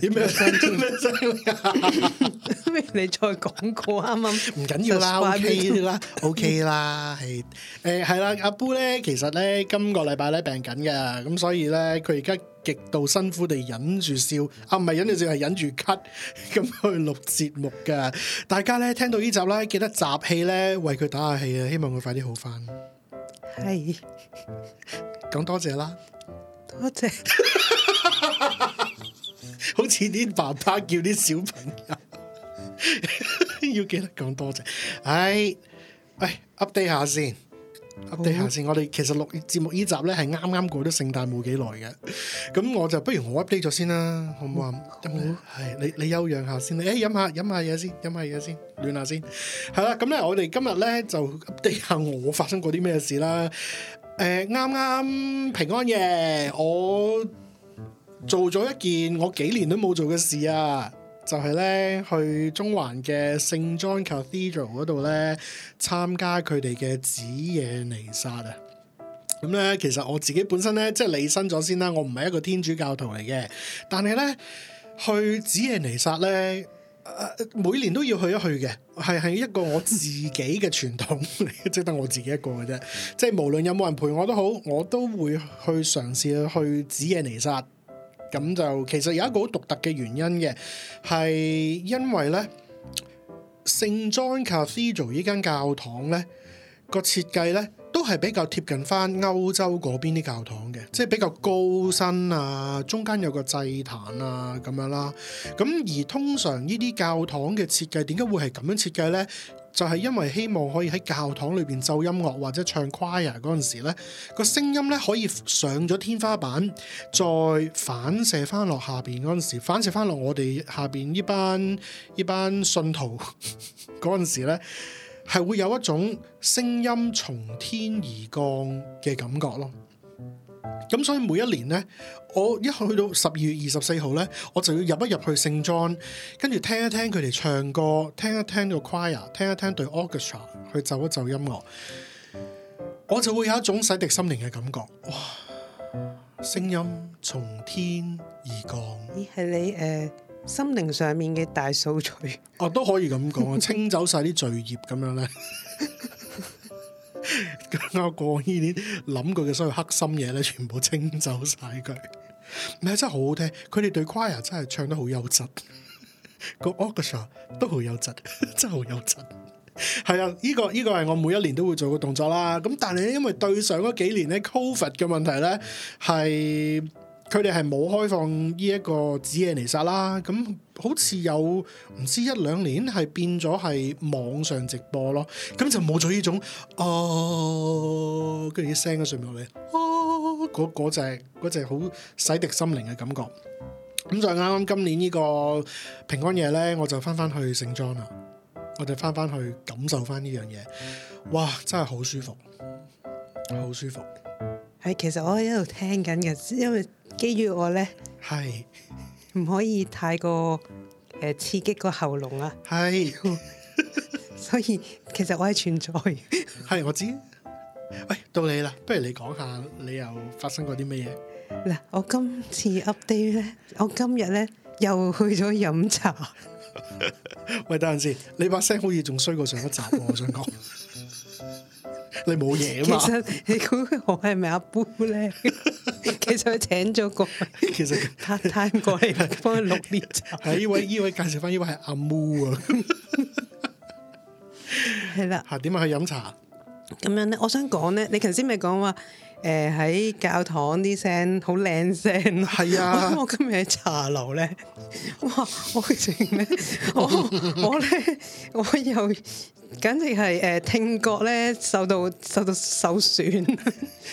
點咩聲？點咩聲？你再講過啱啱。唔緊要啦，O K 啦，O K 啦，係誒係啦，阿 Bo 咧其實咧今個禮拜咧病緊嘅，咁所以咧佢而家極度辛苦地忍住笑，啊唔係忍住笑係忍住咳，咁去錄節目噶。大家咧聽到呢集咧記得集氣咧為佢打下氣啊，希望佢快啲好翻。係，講多謝啦，多謝。好似啲爸爸叫啲小朋友 要記得講多謝，唉喂，update 下先，update 下，下先。我哋其實錄節目呢集咧，係啱啱過咗聖誕冇幾耐嘅，咁我就不如我 update 咗先啦，好唔好啊？得係，你你休養下先，你，誒，飲下飲下嘢先，飲下嘢先，暖下先。係啦，咁咧我哋今日咧就 update 下我發生過啲咩事啦。誒、呃，啱啱平安夜我做咗一件我幾年都冇做嘅事啊，就係、是、咧去中環嘅聖 John Cathedral 嗰度咧參加佢哋嘅子夜彌撒啊！咁、嗯、咧，其實我自己本身咧即係利申咗先啦，我唔係一個天主教徒嚟嘅，但係咧去子夜彌撒咧，每年都要去一去嘅，係喺一個我自己嘅傳統嚟，即得 我自己一個嘅啫。即係無論有冇人陪我都好，我都會去嘗試去子夜彌撒。咁就其實有一個好獨特嘅原因嘅，係因為咧，聖 John Cathedral 呢間教堂咧，個設計咧都係比較貼近翻歐洲嗰邊啲教堂嘅，即係比較高身啊，中間有個祭壇啊咁樣啦。咁而通常呢啲教堂嘅設計點解會係咁樣設計咧？就係因為希望可以喺教堂裏邊奏音樂或者唱 choir 嗰陣時咧，呢個聲音呢可以上咗天花板，再反射翻落下邊嗰陣時，反射翻落我哋下邊呢班呢班信徒嗰陣 時咧，係會有一種聲音從天而降嘅感覺咯。咁所以每一年呢，我一去到十二月二十四號呢，我就要入一入去聖莊，跟住聽一聽佢哋唱歌，聽一聽個 choir，聽一聽對 orchestra，去奏一奏音樂，我就會有一種洗滌心靈嘅感覺。哇！聲音從天而降，咦？係你誒心靈上面嘅大掃除？哦、 啊，都可以咁講，清走晒啲罪孽咁樣呢。 將 我過往呢年諗過嘅所有黑心嘢咧，全部清走晒佢。咩真係好好聽，佢哋對 choir 真係唱得好優質， 個 orchestra or 都好優質，真係好優質。係啊，呢、這個呢、這個係我每一年都會做嘅動作啦。咁但係因為對上嗰幾年咧，covid 嘅問題咧係。佢哋係冇開放呢一個子夜彌撒啦，咁好似有唔知一兩年係變咗係網上直播咯，咁就冇咗呢種哦，跟住啲聲喺上面落嚟嗰嗰隻隻好洗滌心靈嘅感覺。咁就啱啱今年呢個平安夜咧，我就翻翻去盛莊啦，我哋翻翻去感受翻呢樣嘢，哇！真係好舒服，好舒服。係，其實我喺度聽緊嘅，因為。基於我咧，係唔可以太過誒刺激個喉嚨啊，係，所以其實我係存在，係我知。喂，到你啦，不如你講下你又發生過啲咩嘢？嗱，我今次 update 咧，我今日咧又去咗飲茶。喂，等陣先，你把聲好似仲衰過上一集，我想講，你冇嘢啊嘛？其實你估我係咪阿 Boo 咧？ 其實佢請咗個， 其實 part time 過嚟，幫佢錄茶。係呢位呢位介紹翻，呢位係阿 Mo 啊，係啦。吓，點樣去飲茶？咁樣咧，我想講咧，你頭先咪講話。誒，喺、呃、教堂啲聲好靚聲，係啊、哦！我今日喺茶樓咧，哇！我成咩？ 我我咧，我又簡直係誒、呃、聽覺咧受，受到受到受損， 為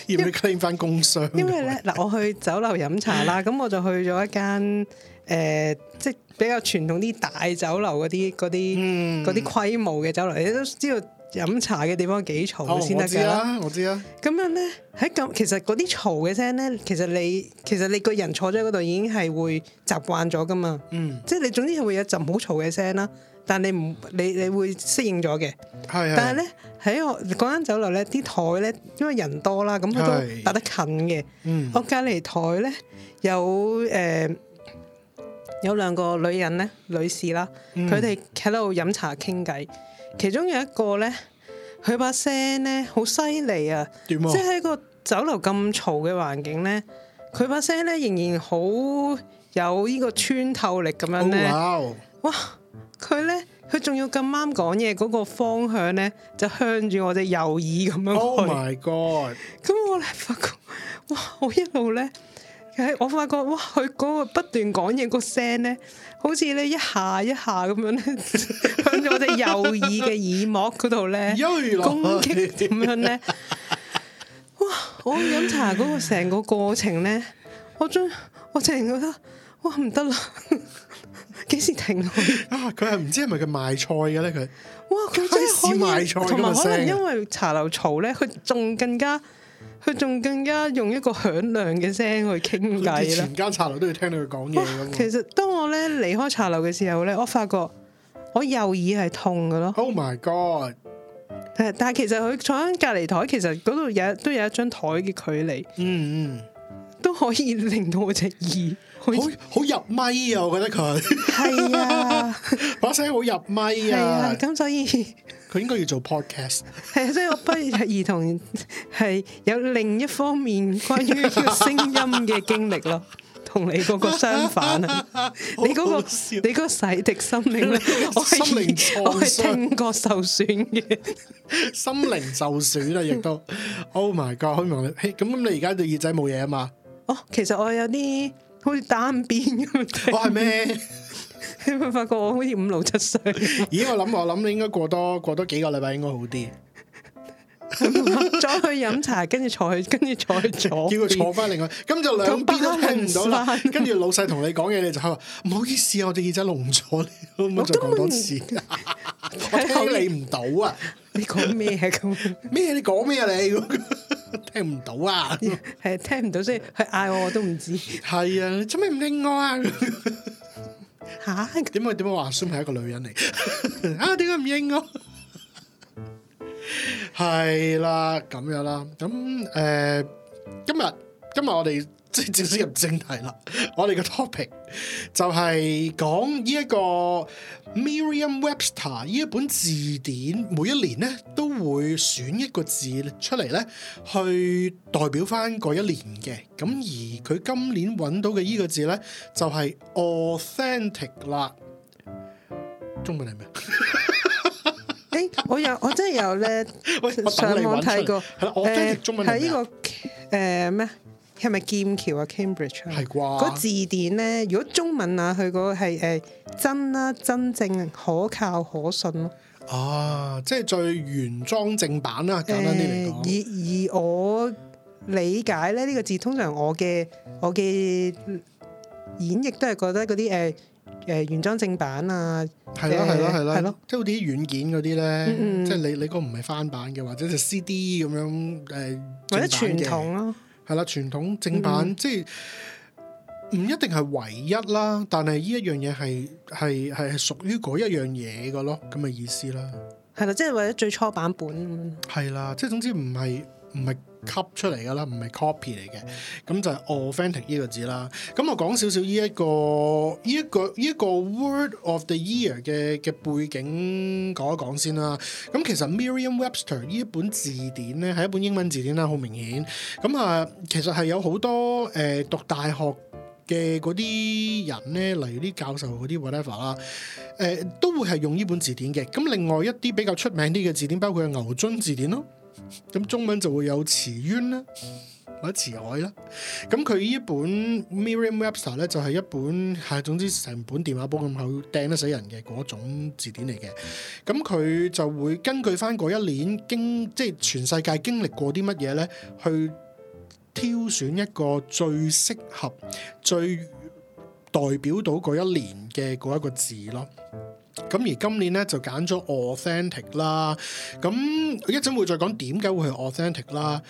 要唔要 claim 翻工傷？因為咧嗱，我去酒樓飲茶啦，咁 我就去咗一間誒、呃，即係比較傳統啲大酒樓嗰啲嗰啲嗰啲規模嘅酒樓，你都知道。飲茶嘅地方幾嘈先得嘅。噶、哦，我知啦，咁樣咧喺咁，其實嗰啲嘈嘅聲咧，其實你其實你個人坐咗喺嗰度已經係會習慣咗噶嘛，嗯，即係你總之係會有陣好嘈嘅聲啦，但係你唔你你會適應咗嘅，係、嗯，但係咧喺我嗰間酒樓咧，啲台咧因為人多啦，咁佢都搭得近嘅，嗯、我隔籬台咧有誒、呃、有兩個女人咧女士啦，佢哋喺度飲茶傾偈。其中有一個咧，佢把聲咧好犀利啊！即喺個酒樓咁嘈嘅環境咧，佢把聲咧仍然好有呢個穿透力咁樣咧。Oh、wow. 哇！佢咧佢仲要咁啱講嘢嗰個方向咧，就向住我隻右耳咁樣。Oh my god！咁、 嗯、我咧發覺哇，我一路咧～我發覺哇，佢嗰個不斷講嘢個聲咧，好似咧一下一下咁樣咧， 向咗我哋右耳嘅耳膜嗰度咧攻擊，咁樣咧。哇！我飲茶嗰個成個過程咧，我將我淨係覺得哇唔得啦，幾 時停啊？啊！佢係唔知係咪佢賣菜嘅咧？佢哇！佢真係賣菜，同埋可能因為茶樓嘈咧，佢仲更加。佢仲更加用一個響亮嘅聲去傾偈啦，連間茶樓都要聽到佢講嘢咁。 其實當我咧離開茶樓嘅時候咧，我發覺我右耳係痛㗎咯。Oh my god！但係其實佢坐喺隔籬台，其實嗰度有都有一張台嘅距離。嗯嗯，都可以令到我隻耳好好入咪啊！我覺得佢係 啊，把聲好入咪啊！係啊，咁所以。佢應該要做 podcast，係啊， 即係我 不兒童係有另一方面關於個聲音嘅經歷咯，同你嗰個相反啊！ 你嗰、嗰個 你嗰個洗滌心靈咧，我係我係聽覺受損嘅， 心靈受損啊！亦都，Oh my God！希望你咁咁你而家對耳仔冇嘢啊嘛？哦，其實我有啲好似單邊咁，我係咩？你會發覺我好似五六七歲。咦？我諗我諗，你應該過多過多幾個禮拜應該好啲。咗去飲茶，跟住坐，去，跟住坐去坐，叫佢坐翻另外，咁就兩邊都聽唔到啦。跟住老細同你講嘢，你就話唔好意思啊，我哋耳仔聾咗，唔好再講多次。我聽你唔到啊！你講咩係咁？咩？你講咩啊？你聽唔到啊？係聽唔到，所以佢嗌我，我都唔知。係啊，做咩唔應我啊？嚇？點會點會話孫係一個女人嚟？ 啊，點解唔應我？係 啦，咁樣啦。咁誒、呃，今日今日我哋。即係正式入正題啦！我哋嘅 topic 就係講呢一個 Merriam-Webster 呢一本字典，每一年咧都會選一個字出嚟咧，去代表翻嗰一年嘅。咁而佢今年揾到嘅依個字咧，就係 authentic 啦。中文係咩？誒、 欸，我有我真係有咧，喂上我上網睇過係啦，誒係依個誒咩？呃係咪劍橋啊？Cambridge 啊吧？係啩？嗰字典咧，如果中文啊，佢嗰個係誒真啦，真正可靠可信咯、啊。啊，即係最原裝正版啦，簡單啲嚟講。而而我理解咧，呢個字通常我嘅我嘅演繹都係覺得嗰啲誒誒原裝正版啊，係咯係咯係咯，即係啲軟件嗰啲咧，嗯嗯即係你你個唔係翻版嘅，或者就 CD 咁樣誒，呃、或者或者傳統咯、啊。係啦，傳統正版、嗯、即係唔一定係唯一啦，但係呢一樣嘢係係係屬於嗰一樣嘢嘅咯，咁嘅意思啦。係啦，即係為咗最初版本。係啦、嗯，即係總之唔係唔係。吸出嚟噶啦，唔係 copy 嚟嘅，咁就係 authentic 呢個字啦。咁我講少少呢一、這個呢一、這個呢一、這個 word of the year 嘅嘅背景講一講先啦。咁其實 m i r i a m w e b s t e r 呢一本字典咧，係一本英文字典啦，好明顯。咁啊，其實係有好多誒、呃、讀大學嘅嗰啲人咧，例如啲教授嗰啲 whatever 啦，誒、呃、都會係用呢本字典嘅。咁另外一啲比較出名啲嘅字典，包括牛津字典咯。咁中文就會有詞源啦，或者詞海啦。咁佢依本 Merriam-Webster 咧，就係、是、一本係總之成本電話簿咁厚，掟得死人嘅嗰種字典嚟嘅。咁佢就會根據翻嗰一年經即係全世界經歷過啲乜嘢咧，去挑選一個最適合、最代表到嗰一年嘅嗰一個字咯。咁而今年咧就揀咗 Authentic 啦，咁一陣會再講點解會係 Authentic 啦，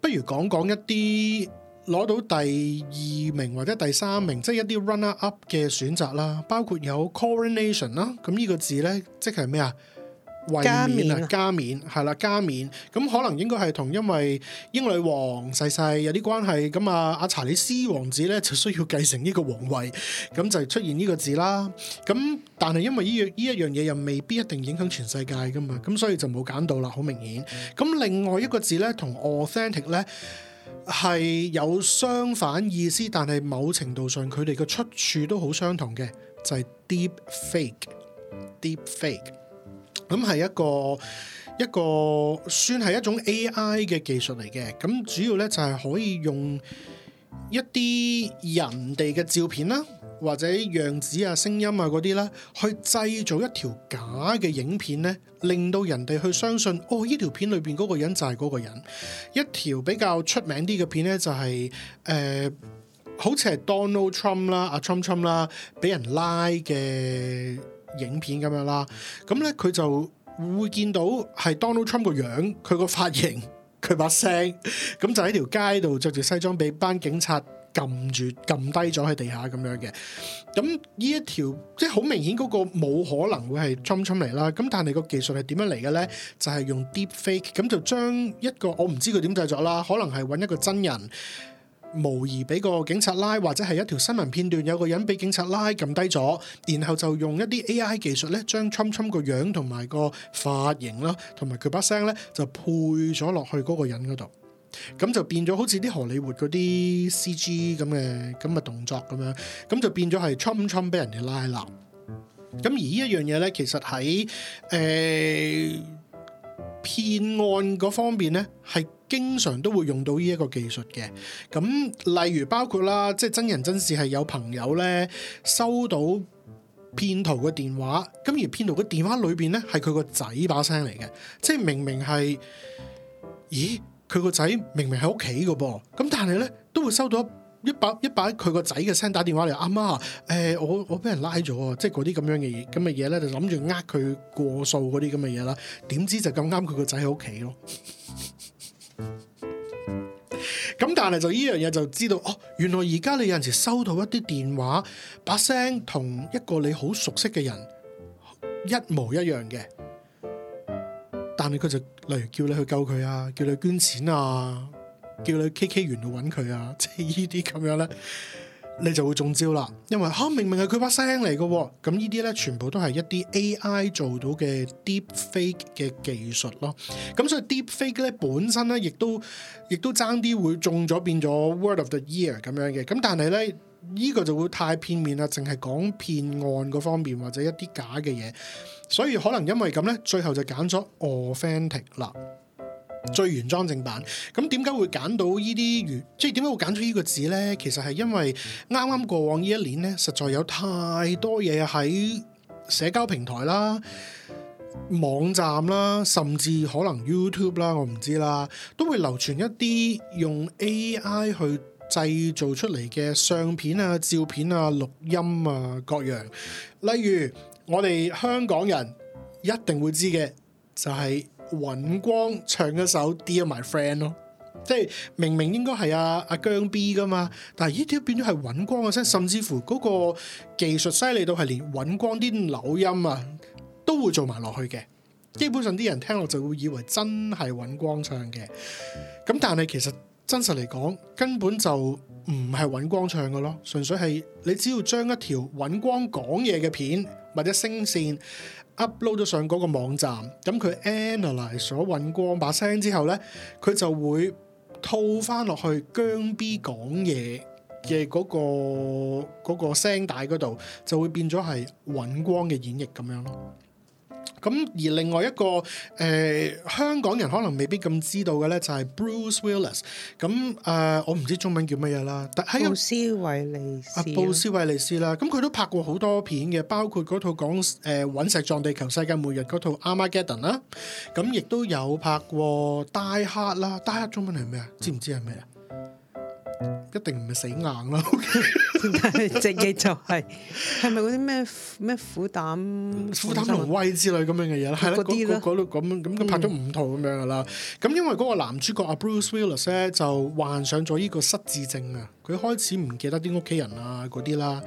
不如講講一啲攞到第二名或者第三名，即係一啲 Runner Up 嘅選擇啦，包括有 Coronation 啦，咁呢個字咧即係咩啊？加冕，加冕，係啦，加冕。咁可能應該係同因為英女王逝世有啲關係咁啊，阿查理斯王子咧就需要繼承呢個皇位，咁就出現呢個字啦。咁但係因為呢呢一樣嘢又未必一定影響全世界噶嘛，咁所以就冇揀到啦，好明顯。咁、嗯、另外一個字咧，同 Authentic 咧係有相反意思，但係某程度上佢哋嘅出處都好相同嘅，就係、是、deep fake，deep fake。咁係一個一個算係一種 AI 嘅技術嚟嘅，咁主要咧就係、是，可以用一啲人哋嘅照片啦，或者樣子啊、聲音啊嗰啲啦，去製造一條假嘅影片咧，令到人哋去相信哦，呢條片裏邊嗰個人就係嗰個人。一條比較出名啲嘅片咧，就係、是、誒、呃，好似係 Donald Trump 啦，阿、啊、Trump Trump 啦，俾人拉嘅。影片咁樣啦，咁咧佢就會見到係 Donald Trump 個樣，佢個髮型，佢把聲，咁就喺條街度着住西裝，俾班警察撳住撳低咗喺地下咁樣嘅。咁呢一條即係好明顯，嗰個冇可能會係 Trump Trump 嚟啦。咁但係個技術係點樣嚟嘅咧？就係、是、用 Deep Fake，咁就將一個我唔知佢點製作啦，可能係揾一個真人。無疑俾個警察拉，或者係一條新聞片段有個人俾警察拉撳低咗，然後就用一啲 AI 技術咧，將侵侵個樣同埋個髮型啦，同埋佢把聲咧就配咗落去嗰個人嗰度，咁就變咗好似啲荷里活嗰啲 CG 咁嘅咁嘅動作咁樣，咁就變咗係侵侵俾人哋拉啦。咁而依一樣嘢咧，其實喺誒騙案嗰方面咧係。經常都會用到呢一個技術嘅，咁例如包括啦，即係真人真事係有朋友咧收到騙徒嘅電話，咁而騙徒嘅電話裏邊咧係佢個仔把聲嚟嘅，即係明明係，咦，佢個仔明明喺屋企嘅噃。咁但係咧都會收到一把一把佢個仔嘅聲打電話嚟，阿媽，誒、欸、我我俾人拉咗啊，即係嗰啲咁樣嘅嘢。咁嘅嘢咧就諗住呃佢過數嗰啲咁嘅嘢啦，點知就咁啱佢個仔喺屋企咯。咁但係就呢樣嘢就知道哦，原來而家你有陣時收到一啲電話，把聲同一個你好熟悉嘅人一模一樣嘅，但係佢就例如叫你去救佢啊，叫你捐錢啊，叫你 K K 原度搵佢啊，即係呢啲咁樣咧。你就會中招啦，因為嚇、哦、明明係佢把聲嚟嘅喎，咁呢啲咧全部都係一啲 AI 做到嘅 deep fake 嘅技術咯。咁所以 deep fake 咧本身咧亦都亦都爭啲會中咗變咗 word of the year 咁樣嘅，咁但係咧呢、這個就會太片面啦，淨係講騙案嗰方面或者一啲假嘅嘢，所以可能因為咁咧，最後就揀咗 authentic 啦。最原裝正版，咁點解會揀到呢啲？即係點解會揀出呢個字呢？其實係因為啱啱過往呢一年咧，實在有太多嘢喺社交平台啦、網站啦，甚至可能 YouTube 啦，我唔知啦，都會流傳一啲用 AI 去製造出嚟嘅相片啊、照片啊、錄音啊各樣。例如，我哋香港人一定會知嘅，就係、是。尹光唱一首 Dear My Friend 咯，即係明明應該係阿阿姜 B 噶嘛，但係呢條變咗係尹光嘅聲，甚至乎嗰個技術犀利到係連尹光啲扭音啊都會做埋落去嘅，基本上啲人聽落就會以為真係尹光唱嘅，咁但係其實真實嚟講根本就唔係尹光唱嘅咯，純粹係你只要將一條尹光講嘢嘅片或者聲線。upload 咗上嗰個網站，咁佢 analyze 咗尹光把聲之後咧，佢就會套翻落去姜 B 講嘢嘅嗰個嗰個聲帶嗰度，就會變咗係尹光嘅演繹咁樣咯。咁而另外一個誒、呃、香港人可能未必咁知道嘅咧，就係、是、Bruce Willis、嗯。咁、呃、誒，我唔知中文叫乜嘢啦。但係布斯維利斯啊，布斯維利斯啦。咁佢都拍過好多片嘅，包括嗰套講誒《隕、呃、石撞地球》世界末日嗰套《Armageddon》啦、啊。咁、嗯、亦都有拍過《Die Hard》啦，《Die、啊、Hard》中文名係咩啊？知唔知係咩啊？嗯嗯。一定唔係死硬啦，直、okay. 接 就係係咪嗰啲咩咩苦膽、苦膽同威之類咁樣嘅嘢啦？係啦，嗰度咁咁，佢拍咗五套咁、嗯、樣噶啦。咁因為嗰個男主角阿 Bruce Willis 咧，就患上咗呢個失智症啊，佢開始唔記得啲屋企人啊嗰啲啦。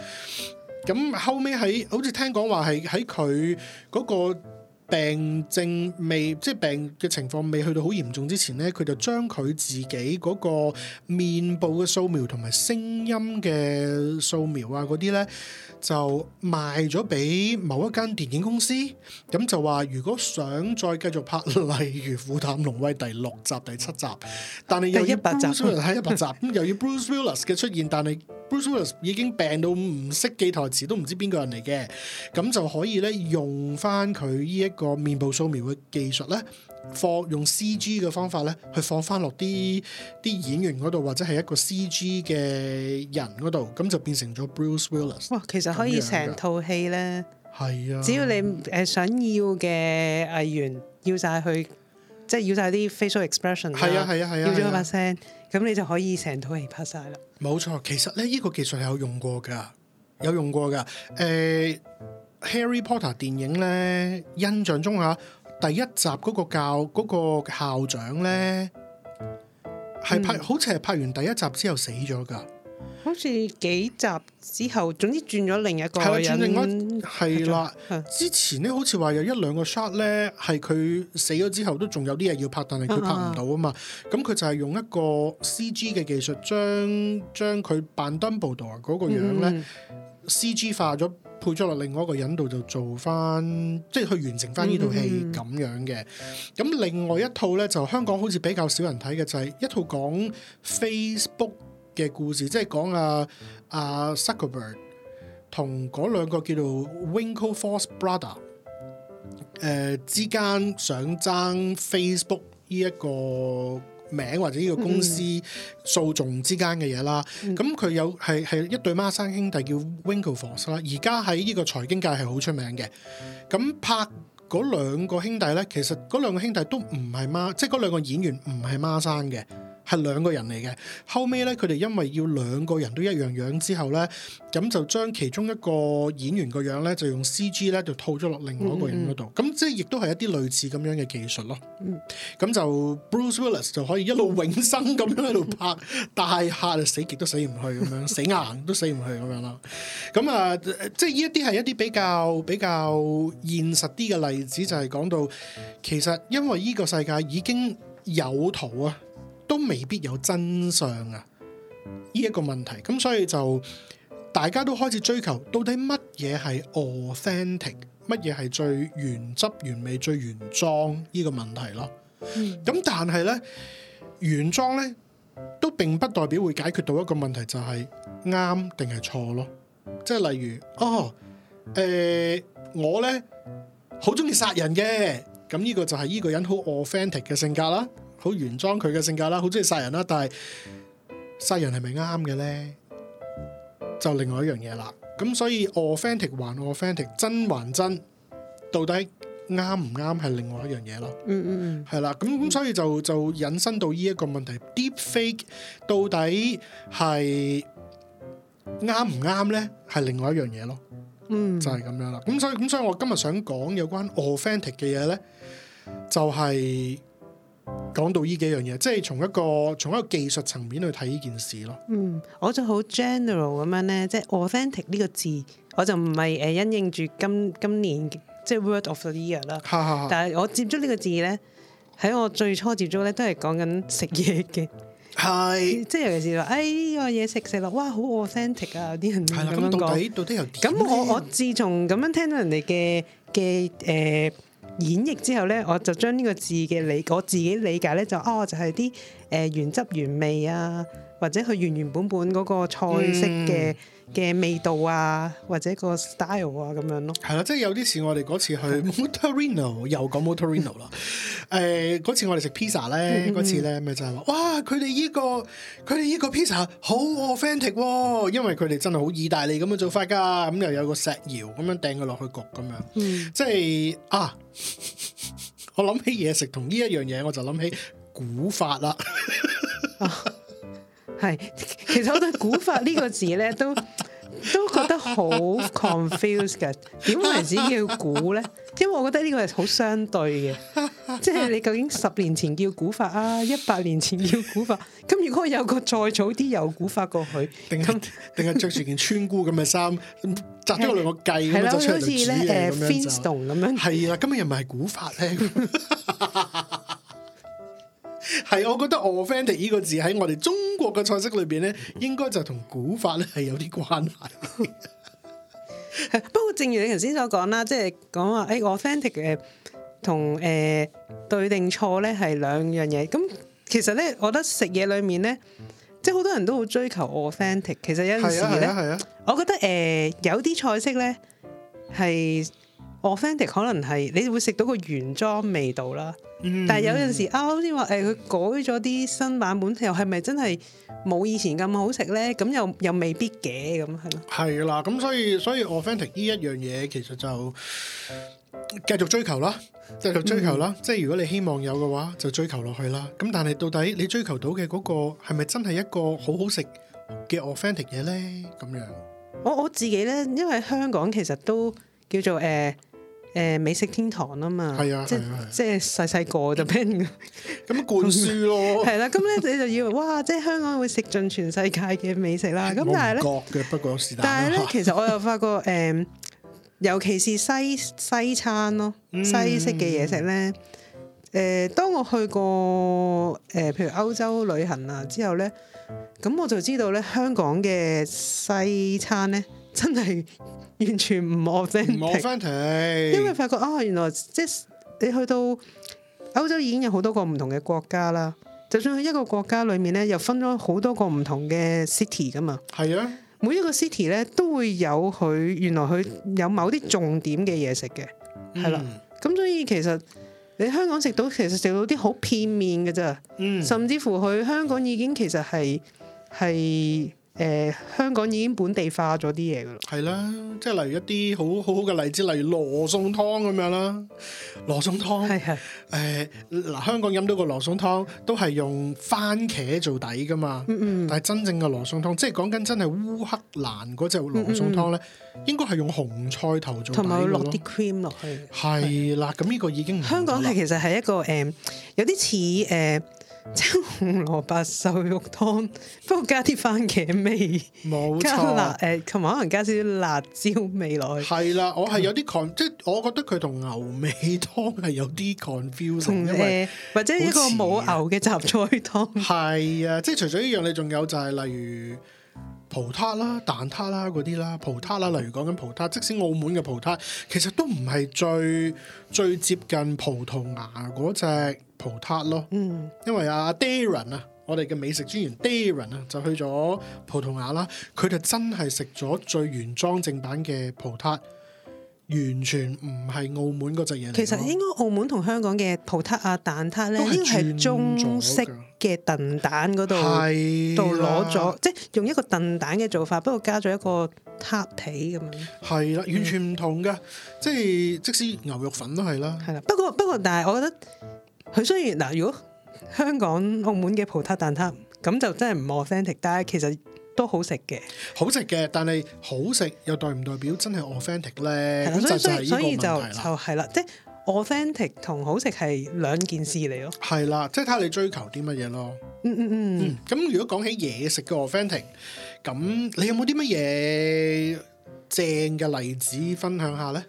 咁後尾喺好似聽講話係喺佢嗰個。病症未，即係病嘅情況未去到好嚴重之前咧，佢就將佢自己嗰個面部嘅掃描同埋聲音嘅掃描啊嗰啲咧，就賣咗俾某一間電影公司。咁就話如果想再繼續拍，例如《虎膽龍威》第六集、第七集，但係又一百集，係一 Will 集，咁又要 Bruce Willis 嘅出現，但係 Bruce Willis 已經病到唔識記台詞都唔知邊個人嚟嘅，咁就可以咧用翻佢依一。個面部掃描嘅技術咧，放用 C G 嘅方法咧，去放翻落啲啲演員嗰度，或者係一個 C G 嘅人嗰度，咁就變成咗 Bruce Willis。哇，其實可以成套戲咧，係啊，只要你誒、呃、想要嘅藝員，要晒去，即係要晒啲 facial expression，係啊係啊係啊，啊啊啊要咗嗰把聲，咁、啊啊啊、你就可以成套戲拍晒 s 啦。冇錯，其實咧呢、呢個技術係有用過㗎，有用過㗎，誒、欸。《Harry Potter》電影咧，印象中啊，第一集嗰個教嗰、那個校長咧，係拍，嗯、好似係拍完第一集之後死咗噶，好似幾集之後，總之轉咗另一個係啦。吧之前咧，好似話有一兩個 shot 咧，係佢死咗之後都仲有啲嘢要拍，但係佢拍唔到啊嘛。咁佢、啊啊、就係用一個 C G 嘅技術，將將佢扮 Dumbledore 嗰個樣咧 C G 化咗。配咗落另外一個人度就做翻，即係去完成翻呢套戲咁、mm hmm. 樣嘅。咁另外一套咧就香港好似比較少人睇嘅就係、是、一套講 Facebook 嘅故事，即係講阿、啊、阿 Zuckerberg、啊、同嗰兩個叫做 Winklevoss Brother 誒、呃、之間想爭 Facebook 呢、這、一個，名或者呢個公司訴訟之間嘅嘢啦，咁佢 有係係一對孖生兄弟叫 Winklevoss 啦。而家喺呢個財經界係好出名嘅。咁拍嗰兩個兄弟咧，其實嗰兩個兄弟都唔係孖，即係嗰兩個演員唔係孖生嘅。係兩個人嚟嘅。後尾咧佢哋因為要兩個人都一樣樣之後咧，咁就將其中一個演員個樣咧就用 CG 咧就套咗落另外一個人嗰度，咁，嗯嗯、即係亦都係一啲類似咁樣嘅技術咯。咁，嗯、就 Bruce Willis 就可以一路，嗯、永生咁樣喺度拍，但係吓，死極都死唔去咁樣， 死硬都死唔去咁樣啦。咁啊，即係呢一啲係一啲比較比較現實啲嘅例子，就係、是、講到其實因為呢個世界已經有圖啊。都未必有真相啊！呢、這、一個問題，咁所以就大家都開始追求到底乜嘢係 authentic，乜嘢係最原汁原味、最原裝呢個問題咯。咁、嗯、但係呢，原裝呢都並不代表會解決到一個問題，就係啱定係錯咯。即係例如，哦，誒、呃，我呢好中意殺人嘅，咁呢個就係呢個人好 authentic 嘅性格啦。好原裝佢嘅性格啦，好中意殺人啦，但係殺人係咪啱嘅咧？就另外一樣嘢啦。咁所以 authentic 還 authentic 真還真，到底啱唔啱係另外一樣嘢咯。嗯嗯嗯，係、hmm. 啦。咁咁所以就就引申到呢一個問題，deep fake 到底係啱唔啱咧？係另外一、mm hmm. 樣嘢咯。嗯，就係咁樣啦。咁所以咁所以我今日想講有關 authentic 嘅嘢咧，就係、是。講到呢幾樣嘢，即係從一個從一個技術層面去睇呢件事咯。嗯，我就好 general 咁樣咧，即係 authentic 呢個字，我就唔係誒因應住今今年即係 Word of the Year 啦。 但係我接觸呢個字咧，喺我最初接觸咧都係講緊食嘢嘅，係 是即係尤其是話，哎，呢個嘢食食落，哇，好 authentic 啊！啲人係啦，到底到底又點？咁我我自從咁樣聽到人哋嘅嘅誒。呃演繹之後呢，我就將呢個字嘅理，我自己理解呢，就，哦，就係啲誒原汁原味啊。或者佢原原本本嗰個菜式嘅嘅、嗯、味道啊，或者個 style 啊咁樣咯，係咯、嗯， 即係有啲似我哋嗰次去 Motorino 又講 Motorino 啦，誒嗰、 呃、次我哋食 pizza 咧，嗰次咧咪、嗯嗯、就係話，哇！佢哋依個佢哋依個 pizza 好 authentic，因為佢哋真係好意大利咁樣做法㗎，咁又有一個石窯咁樣掟佢落去焗咁樣，嗯、即係啊， 我諗起嘢食同呢一樣嘢，我就諗起古法啦。 係，其實我對古法呢個字咧，都都覺得好 confused 嘅。點為止叫古咧？因為我覺得呢個係好相對嘅，即係你究竟十年前叫古法啊，一百年前叫古法。咁如果有個再早啲有古法過去，定係定係着住件村姑咁嘅衫，紮咗 兩個髻咁樣就出嚟煮嘢咁的像樣，係啦、uh, 就，今日又唔係古法咧。 係，我覺得 authentic 呢個字喺我哋中國嘅菜式裏邊咧，應該就同古法咧係有啲關係 。不過正如你頭先所講啦，即係講話誒、欸、，authentic 誒、呃、同誒、呃、對定錯咧係兩樣嘢。咁其實咧，我覺得食嘢裏面咧，即係好多人都好追求 authentic。其實有陣時咧，啊啊啊、我覺得誒、呃、有啲菜式咧係 authentic，可能係你會食到個原裝味道啦。嗯、但係有陣時啱啱先話誒，佢、呃、改咗啲新版本，又係咪真係冇以前咁好食咧？咁又又未必嘅，咁係咯。係啦，咁所以所以，Authentic 呢一樣嘢其實就繼續追求啦，繼續追求啦。嗯、即係如果你希望有嘅話，就追求落去啦。咁但係到底你追求到嘅嗰個係咪真係一個好好食嘅 Authentic 嘢咧？咁樣，我我自己咧，因為香港其實都叫做誒。呃誒、呃、美食天堂啊嘛，啊即、啊啊、即細細個就俾咁灌輸咯，係啦，咁咧你就以為哇，即香港會食盡全世界嘅美食啦，咁 但係咧，不過有 但是但。但係咧，其實我又發覺誒、呃，尤其是西西餐咯，嗯、西式嘅嘢食咧，誒、呃、當我去過誒譬、呃、如歐洲旅行啊之後咧，咁我就知道咧香港嘅西餐咧真係。 完全唔我正，a n t 因為發覺啊、哦，原來即係你去到歐洲已經有好多個唔同嘅國家啦。就算喺一個國家裏面咧，又分咗好多個唔同嘅 city 噶嘛。係啊，每一個 city 咧都會有佢原來佢有某啲重點嘅嘢食嘅，係啦、嗯。咁所以其實你香港食到其實食到啲好片面嘅啫。嗯、甚至乎佢香港已經其實係係。誒、呃、香港已經本地化咗啲嘢噶啦，係啦、啊，即係例如一啲好好好嘅例子，例如羅宋湯咁樣啦，羅宋湯係係誒，嗱，香港飲到個羅宋湯都係用番茄做底噶嘛，嗯嗯，但係真正嘅羅宋湯，即係講緊真係烏克蘭嗰隻羅宋湯咧，嗯嗯，應該係用紅菜頭做底，同埋落啲 cream 落去，係啦，咁呢個已經香港係其實係一個誒、呃、有啲似誒。呃呃青紅蘿蔔瘦肉湯，不過加啲番茄味，冇錯加辣誒，同、呃、埋可能加少啲辣椒味落去。係啦，我係有啲 con 那即係我覺得佢同牛尾湯係有啲 confusion、嗯呃、因為或者呢個冇牛嘅雜菜湯。係、嗯呃、啊，即係除咗呢樣，你仲有就係例如。葡撻啦、蛋撻啦嗰啲啦、葡撻啦，例如講緊葡撻，即使澳門嘅葡撻，其實都唔係最最接近葡萄牙嗰隻葡撻咯。嗯，因為阿 Darren 啊，Darren，我哋嘅美食專員 Darren 啊，Darren，就去咗葡萄牙啦，佢就真係食咗最原裝正版嘅葡撻。完全唔係澳門嗰隻嘢嚟。其實應該澳門同香港嘅葡撻啊蛋撻咧，應該係中式嘅燉蛋嗰度，的度攞咗，的即係用一個燉蛋嘅做法，不過加咗一個撻皮咁樣。係啦，完全唔同嘅，嗯、即係即使牛肉粉都係啦。係啦，不過不過，但係我覺得佢雖然嗱，如果香港澳門嘅葡撻蛋撻，咁就真係唔 authentic，但係其實。都好食嘅，好食嘅，但係好食又代唔代表真係 authentic 咧？咁了就是、所以就呢個問題就係啦，即係、就是、authentic 同好食係兩件事嚟咯。係啦，即係睇下你追求啲乜嘢咯。嗯嗯嗯。咁、嗯、如果講起嘢食嘅 authentic，咁你有冇啲乜嘢正嘅例子分享下咧？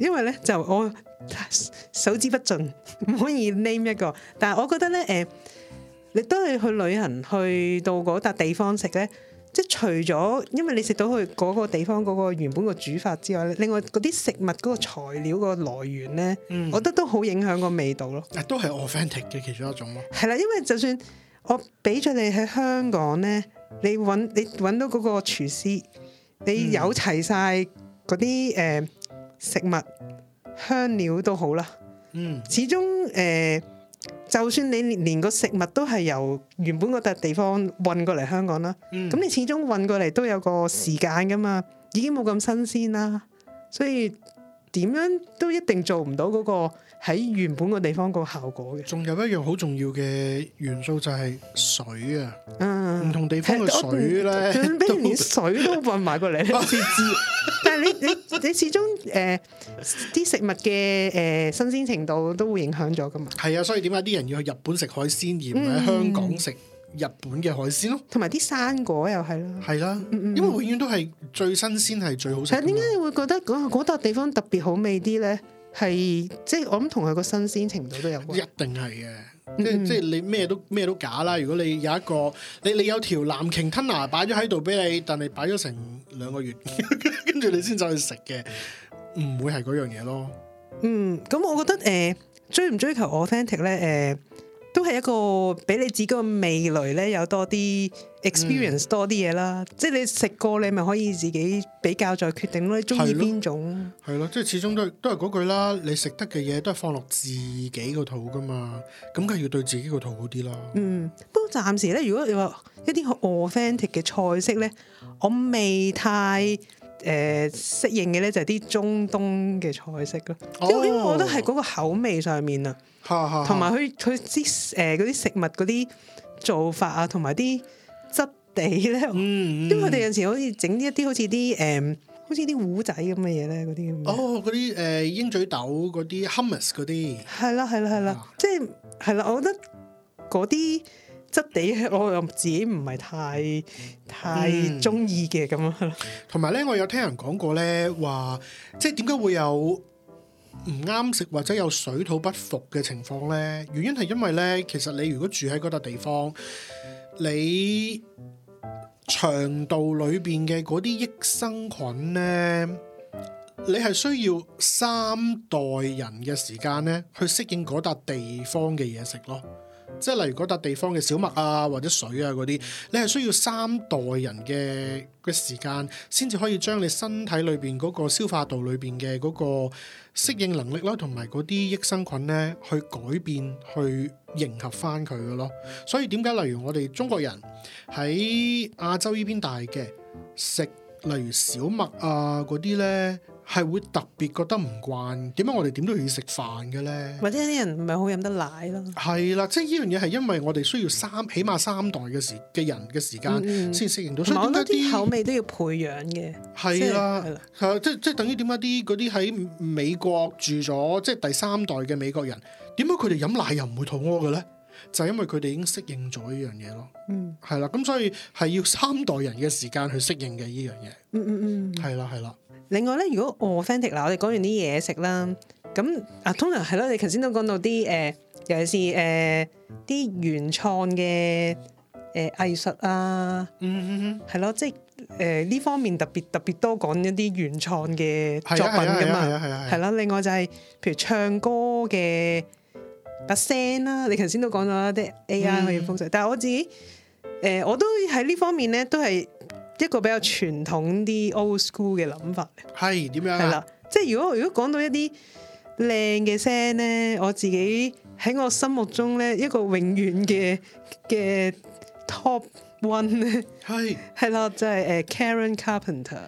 因為咧就我手之不盡，唔 可以 name 一個，但係我覺得咧，誒、呃，你都係去旅行去到嗰笪地方食咧。即除咗，因為你食到佢嗰個地方嗰個原本個煮法之外，另外嗰啲食物嗰個材料個來源咧，嗯、我覺得都好影響個味道咯。都係 authentic 嘅其中一種咯。係啦，因為就算我俾咗你喺香港咧，你揾你揾到嗰個廚師，你有齊晒嗰啲誒食物香料都好啦。嗯，始終誒。呃就算你連個食物都係由原本嗰笪地方運過嚟香港啦，咁、嗯、你始終運過嚟都有個時間噶嘛，已經冇咁新鮮啦，所以點樣都一定做唔到嗰、那個。喺原本個地方個效果嘅。仲有一樣好重要嘅元素就係水啊，唔同地方嘅水咧，都連水都運埋過嚟先知。但係你你你始終誒，啲食物嘅誒新鮮程度都會影響咗噶嘛。係啊，所以點解啲人要去日本食海鮮，而唔喺香港食日本嘅海鮮咯？同埋啲生果又係咯，係啦，因為永遠都係最新鮮係最好食。點解你會覺得啊嗰笪地方特別好味啲咧？係即係我諗同佢個新鮮程度都有關，一定係嘅，嗯、即係即係你咩都咩都假啦！如果你有一個你你有條冷 k 吞拿 g 擺咗喺度俾你，但係擺咗成兩個月，跟 住你先走去食嘅，唔會係嗰樣嘢咯。嗯，咁我覺得誒、呃，追唔追求我 fantic 咧？誒、呃。都係一個俾你自己個味蕾咧有多啲 experience、嗯、多啲嘢啦，即係你食過你咪可以自己比較再決定咯，你中意邊種？係咯，即係始終都係都係嗰句啦，你食得嘅嘢都係放落自己個肚噶嘛，咁梗係要對自己個肚好啲啦。嗯，不過暫時咧，如果你話一啲好 authentic 嘅菜式咧，我未太。嗯誒、呃、適應嘅咧就係啲中東嘅菜式咯，因為、oh. 我覺得係嗰個口味上面啊，同埋佢佢啲誒啲食物嗰啲做法啊，同埋啲質地咧，因為我哋有時好似整一啲好似啲誒，好似啲糊仔咁嘅嘢咧，嗰啲哦，嗰啲誒鷹嘴豆嗰啲 hummus 嗰啲，係啦係啦係啦，即係係啦，我覺得嗰啲。質地我又自己唔係太、嗯、太中意嘅咁樣。同埋咧，我有聽人講過咧，話即係點解會有唔啱食或者有水土不服嘅情況咧？原因係因為咧，其實你如果住喺嗰笪地方，你腸道裏邊嘅嗰啲益生菌咧，你係需要三代人嘅時間咧，去適應嗰笪地方嘅嘢食咯。即係例如嗰笪地方嘅小麥啊，或者水啊嗰啲，你係需要三代人嘅嘅時間先至可以將你身體裏邊嗰個消化道裏邊嘅嗰個適應能力啦，啊，同埋嗰啲益生菌咧，去改變去迎合翻佢嘅咯。所以點解例如我哋中國人喺亞洲呢邊大嘅食，例如小麥啊嗰啲咧？係會特別覺得唔慣，點解我哋點都要食飯嘅咧？或者啲人唔係好飲得奶咯？係啦，即係呢樣嘢係因為我哋需要三起碼三代嘅時嘅人嘅時間先適應到。嗯嗯、所以點解啲口味都要培養嘅？係啦，係啊，即係即係等於點解啲嗰啲喺美國住咗即係第三代嘅美國人，點解佢哋飲奶又唔會肚屙嘅咧？就係、是、因為佢哋已經適應咗呢樣嘢咯。嗯，係啦，咁所以係要三代人嘅時間去適應嘅呢樣嘢。嗯嗯嗯，係啦係啦。另外咧，如果我 Authentic，嗱，我哋講完啲嘢食啦，咁啊，通常係咯，你頭先都講到啲誒，尤其是誒啲原創嘅誒藝術啊、嗯，嗯嗯，係咯，即係誒呢方面特別特別多講一啲原創嘅作品噉嘛，係咯。另外就係譬如唱歌嘅把聲啦，你頭先都講咗一啲 AI 可以複製，但係我自己誒我都喺呢方面咧都係一個比較傳統啲 old school 嘅諗法咧，係點樣？係啦，即係如果如果講到一啲靚嘅聲咧，我自己喺我心目中咧，一個永遠嘅嘅 top one 咧是，係係啦，就係、是、誒 Karen Carpenter。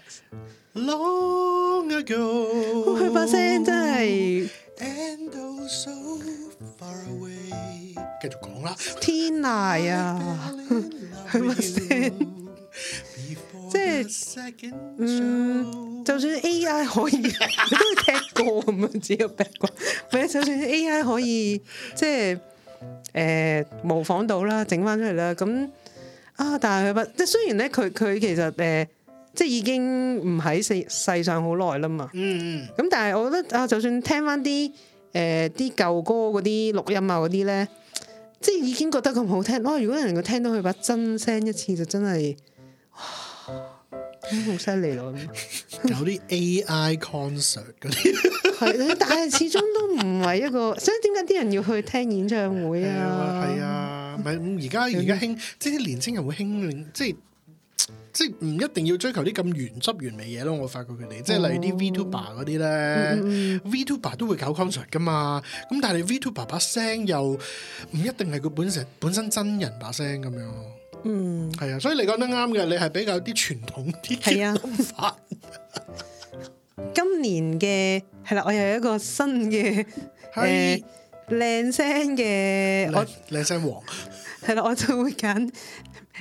Long ago，佢把聲真係。And oh so far away，繼續講啦，天籟啊，佢把聲。Long ago. 即係就算 A. I. 可以 都係踢歌咁樣，只有八卦。唔係，就算 A. I. 可以即係誒、呃、模仿到啦，整翻出嚟啦。咁啊，但係佢把即係雖然咧，佢佢其實誒、呃、即係已經唔喺世世上好耐啦嘛。嗯嗯。咁但係我覺得啊，就算聽翻啲誒啲舊歌嗰啲錄音啊嗰啲咧，即係已經覺得咁好聽。哇、啊！如果能夠聽到佢把真聲一次，就真係。好犀利咯！嗯、搞啲 AI concert 嗰啲，係，但係始終都唔係一個， 所以點解啲人要去聽演唱會啊？係啊 咪而家而家興，即係啲年青人會興，即係即係唔一定要追求啲咁原汁原味嘢咯。我發覺佢哋，即係例如啲 Vtuber 嗰啲咧，哦，Vtuber 都會搞 concert 噶嘛。咁但係 Vtuber 把聲又唔一定係佢本身本身真人把聲咁樣咯。嗯，係啊、mm.，所以你講得啱嘅，你係比較啲傳統啲嘅做法。 今年嘅係啦，我有一個新嘅誒靚聲嘅，我靚聲王係啦， 我就會揀誒、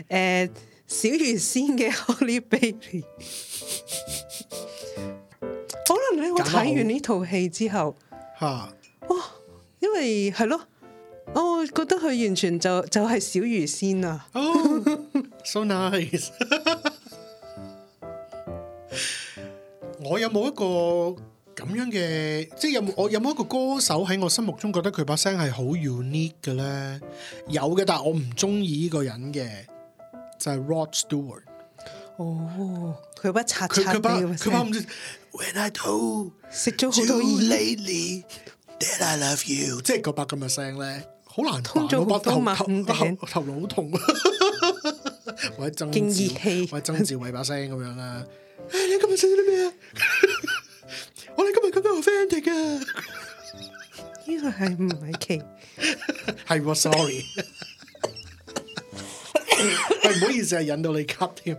呃、小魚仙嘅《Holly Baby》 好。可能咧，我睇完呢套戲之後，吓哇選好、 哦，因為係咯。我覺得佢完全就就係小魚仙啊！哦、oh,，so nice！ 我有冇一個咁樣嘅，即係有冇我有冇一個歌手喺我心目中覺得佢把聲係好 unique 嘅咧？有嘅，但係我唔中意呢個人嘅就係、是、Rod Stewart。哦、oh,，佢把擦擦嘅，佢把 When I do，食咗好多鹽，Lately，That I love you，即係嗰把咁嘅聲咧。好難，我頭頭我頭我頭腦好痛啊 熱！或者曾志，或者曾志偉把聲咁樣啦。你今日做咗啲咩啊？我哋今日講到好 friend 啲啊！呢個係唔係奇？係、 哎、我 sorry，唔、 哎、好意思啊，引到你急添。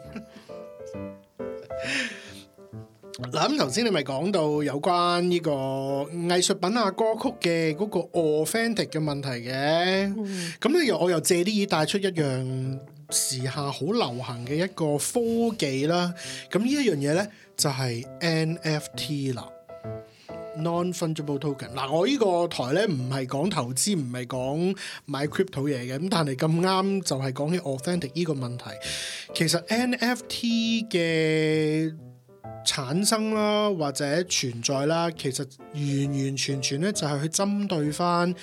嗱，咁頭先你咪講到有關呢個藝術品啊、歌曲嘅嗰個 authentic 嘅問題嘅，咁咧又我又借啲意帶出一樣時下好流行嘅一個科技啦，咁呢一樣嘢咧就係、是、NFT 啦，non-fungible token。嗱，我呢個台咧唔係講投資，唔係講買 crypto 嘢嘅，咁但係咁啱就係講起 authentic 呢個問題，其實 NFT 嘅。產生啦，或者存在啦，其實完完全全咧就係去針對翻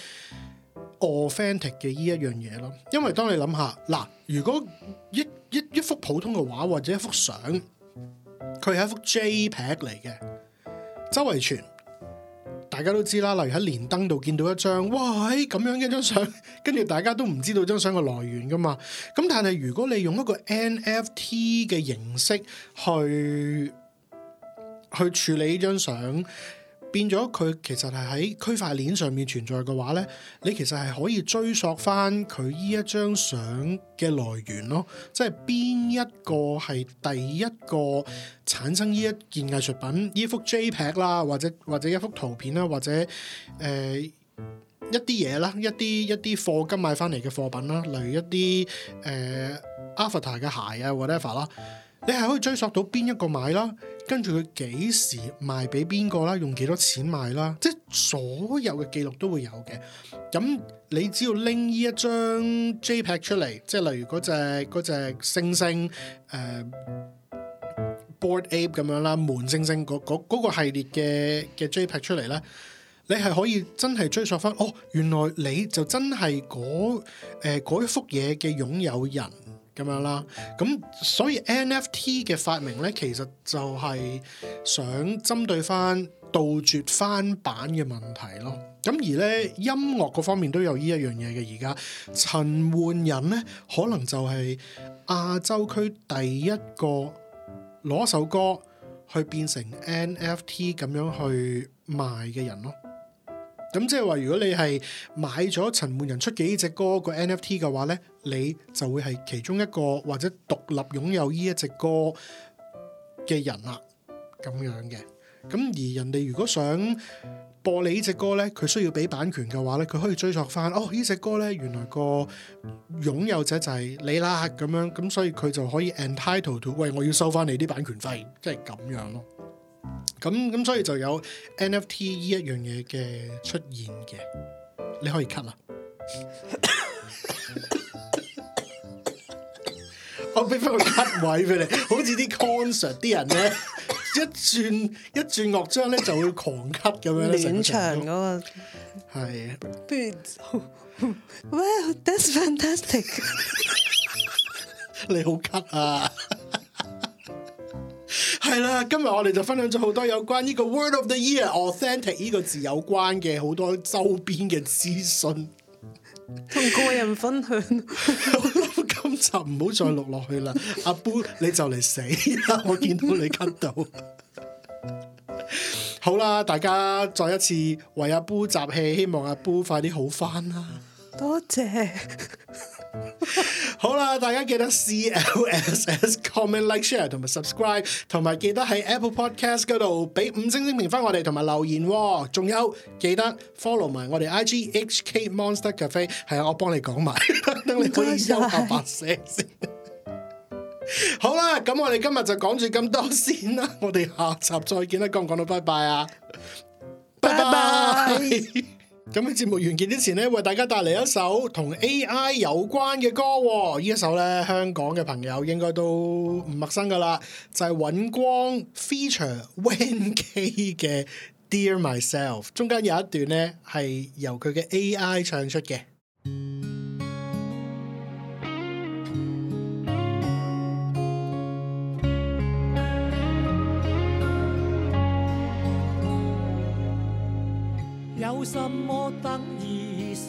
Authentic 嘅呢一樣嘢咯。因為當你諗下嗱，如果一一一幅普通嘅畫或者一幅相，佢係一幅 JPEG 嚟嘅，周圍傳，大家都知啦。例如喺連登度見到一張，喂咁樣一張相，跟 住大家都唔知道張相嘅來源噶嘛。咁但係如果你用一個 NFT 嘅形式去。去處理呢張相，變咗佢其實係喺區塊鏈上面存在嘅話咧，你其實係可以追溯翻佢呢一張相嘅來源咯，即係邊一個係第一個產生呢一件藝術品？呢幅 JPEG 啦，或者或者一幅圖片啦，或者誒、呃、一啲嘢啦，一啲一啲貨金買翻嚟嘅貨品啦，例如一啲誒 Avatar 嘅鞋啊 whatever 啦，你係可以追溯到邊一個買啦。跟住佢幾時賣俾邊個啦？用幾多錢賣啦？即係所有嘅記錄都會有嘅。咁你只要拎呢一張 JPEG 出嚟，即係例如嗰隻嗰隻星星誒、呃、Board Ape 咁樣啦，滿星星，嗰個嗰系列嘅嘅 JPEG 出嚟咧，你係可以真係追溯翻哦，原來你就真係嗰誒一幅嘢嘅擁有人。咁樣啦，咁所以 NFT 嘅發明呢，其實就係想針對翻杜絕翻版嘅問題咯。咁而呢，音樂嗰方面都有呢一樣嘢嘅。而家陳奐仁呢，可能就係亞洲區第一個攞首歌去變成 NFT 咁樣去賣嘅人咯。咁即係話，如果你係買咗陳奐仁出幾隻歌個 NFT 嘅話咧，你就會係其中一個或者獨立擁有呢一隻歌嘅人啦，咁樣嘅。咁而人哋如果想播你呢隻歌咧，佢需要俾版權嘅話咧，佢可以追溯翻哦呢隻歌咧，原來個擁有者就係你啦，咁樣，咁所以佢就可以 entitle to，喂，我要收翻你啲版權費，即係咁樣咯。咁咁所以就有 NFT 依一樣嘢嘅出現嘅，你可以 cut 啊！我俾翻個 cut 位俾你，好似啲 concert 啲人咧，一轉一轉樂章咧就會狂 cut 咁樣，暖場嗰個係啊！Well that's fantastic！你好 cut 啊！係啦，今日我哋就分享咗好多有關呢個 Word of the Year Authentic 呢個字有關嘅好多周邊嘅資訊，同個人分享。 今集唔好再錄落去啦， 阿 Boo 你就嚟死啦！我見到你咳到。 好啦，大家再一次為阿 Boo 集氣，希望阿 Boo 快啲好翻啦。多謝。好啦，大家記得 CLS S comment like share 同埋 subscribe，同埋記得喺 Apple Podcast 嗰度俾五星星評分我哋，同埋留言。仲有記得 follow 埋我哋 IG HK Monster Cafe，係我幫你講埋，等你可以收下白蛇先。好啦，咁我哋今日就講住咁多先啦，我哋下集再見啦，講唔講到拜拜啊？拜拜。咁樣節目完結之前咧，為大家帶嚟一首同 AI 有關嘅歌。哦，呢一首咧，香港嘅朋友應該都唔陌生噶啦，就係、是、尹光 feature Wan K. 嘅 Dear Myself，中間有一段咧係由佢嘅 AI 唱出嘅。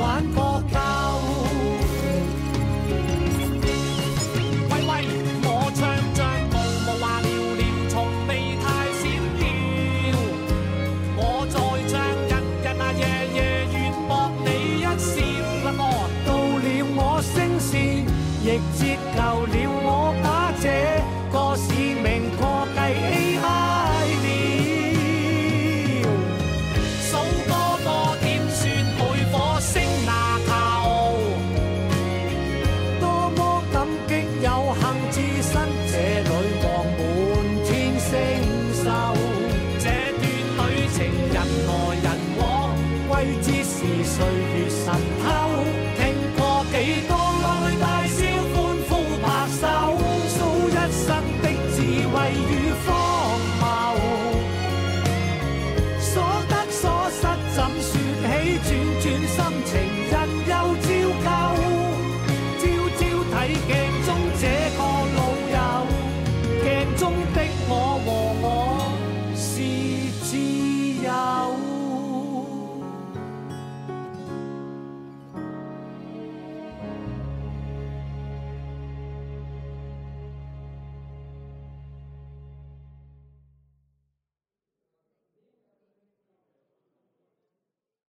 玩個夠。喂喂！我唱著夢夢話聊聊，從未太閃耀。我再唱日日啊夜夜願搏你一笑啊，到了我聲線亦接